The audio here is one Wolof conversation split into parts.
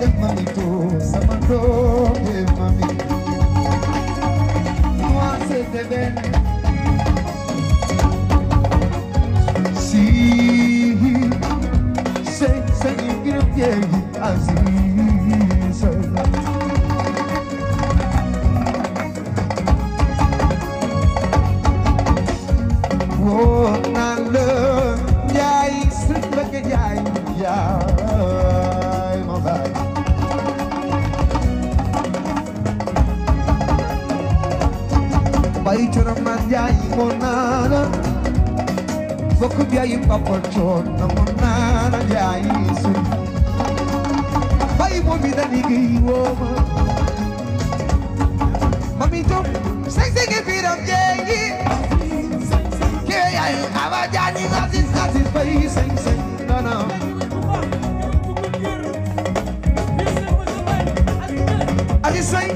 def ma ni tuub sama doom ye mami moi c'est deben si say say you get up yeah aziz woo naa la njaay sëñ bëgg tëram naan jaay moo naana bokk jaay papa coon na moo naana jaay su bayi moom na liggéey wooma mami tom seng seng e biram jeeyi ke yaay awa jaani asis asis bayi seng seng nana asis seng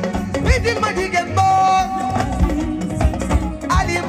mi di ma jigéen boo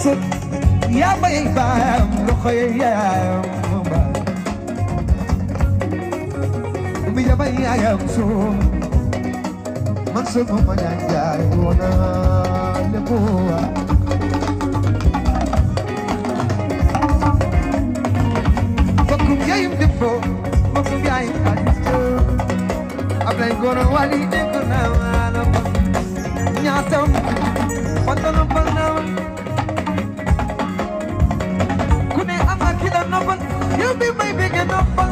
sëg yaa may baam loxo yaayam baam bi yaa may yaayam suum man sëg ma ñaan jaay woona lépp waa Ablay goro wali de ko na wala ñaatam patana panna noppal yow bi may bëgg noppal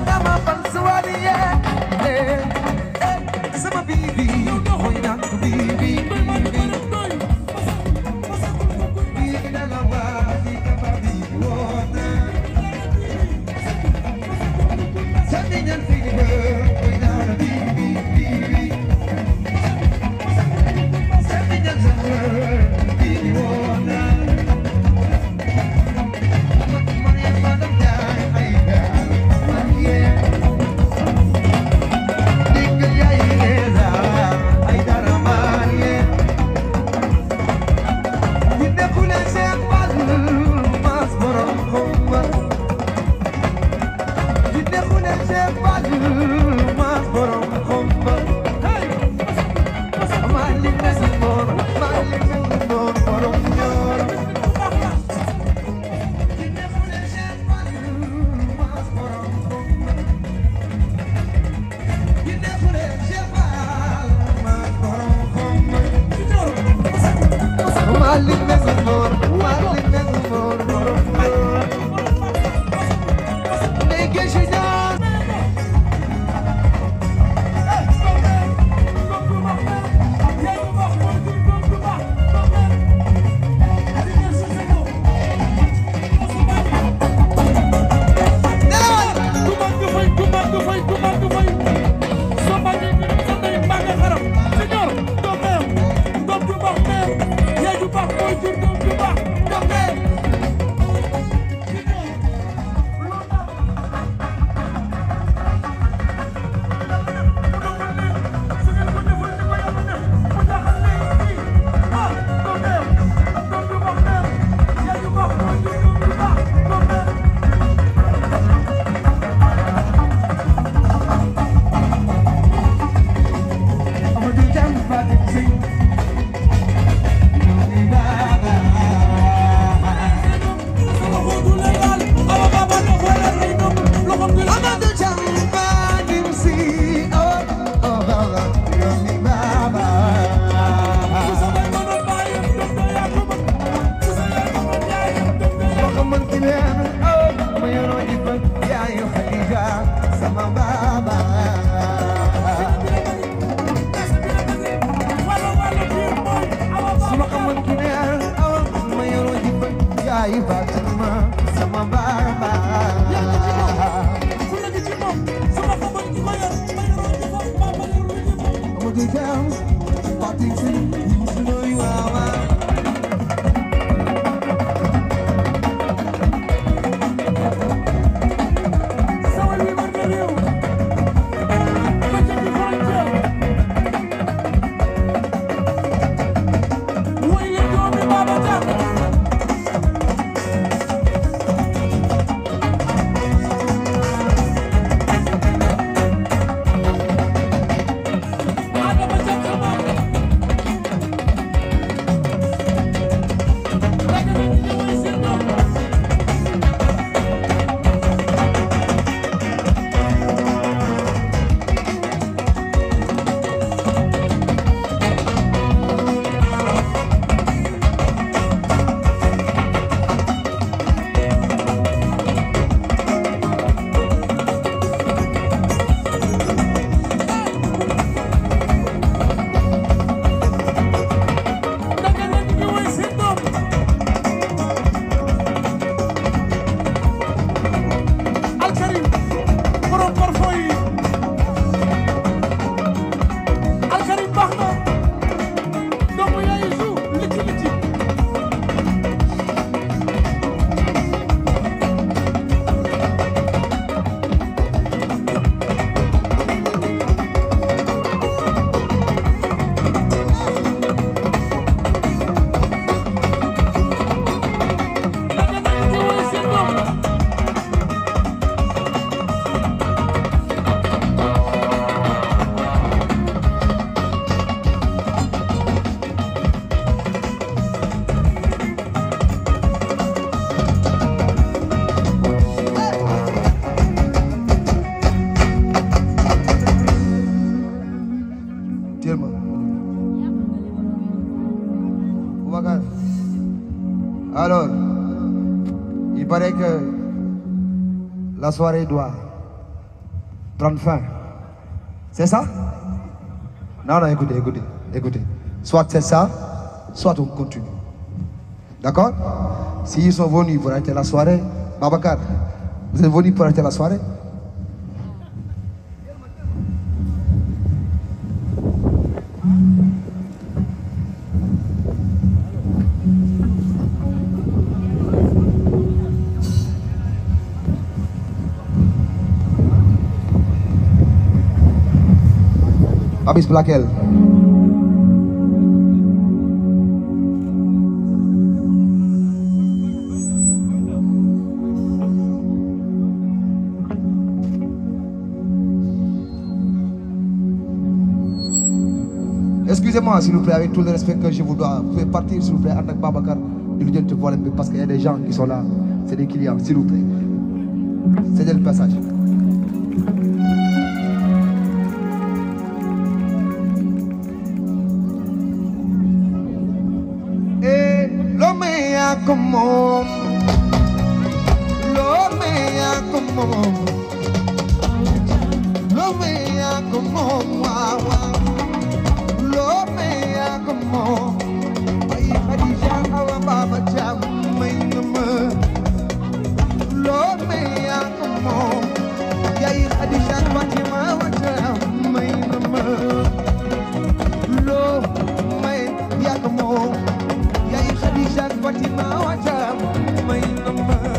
jël ma Boubacar alors il paraît que la soirée doit prendre fin c'est ça non non écoutez écoutez soit c'est ça soit on continue d'accord s'ils sont venus pour arrêter la soirée Babacar vous êtes venus pour arrêter la soirée Miss Blakel. Excusez-moi, s'il vous plaît, avec tout le respect que je vous partir, s'il vous plaît, ànd ak Babacar parce qu'il y des gens qui sont c'est des clients, s'il vous plaît. Cédez le passage. como lo mea como lo mea como guagua lo mea como ay Khadija awa baba jam may nama lo mea como yay Khadija Fatima wa jam may nama lo mea como Khadija Fatima wa Jaara may na ma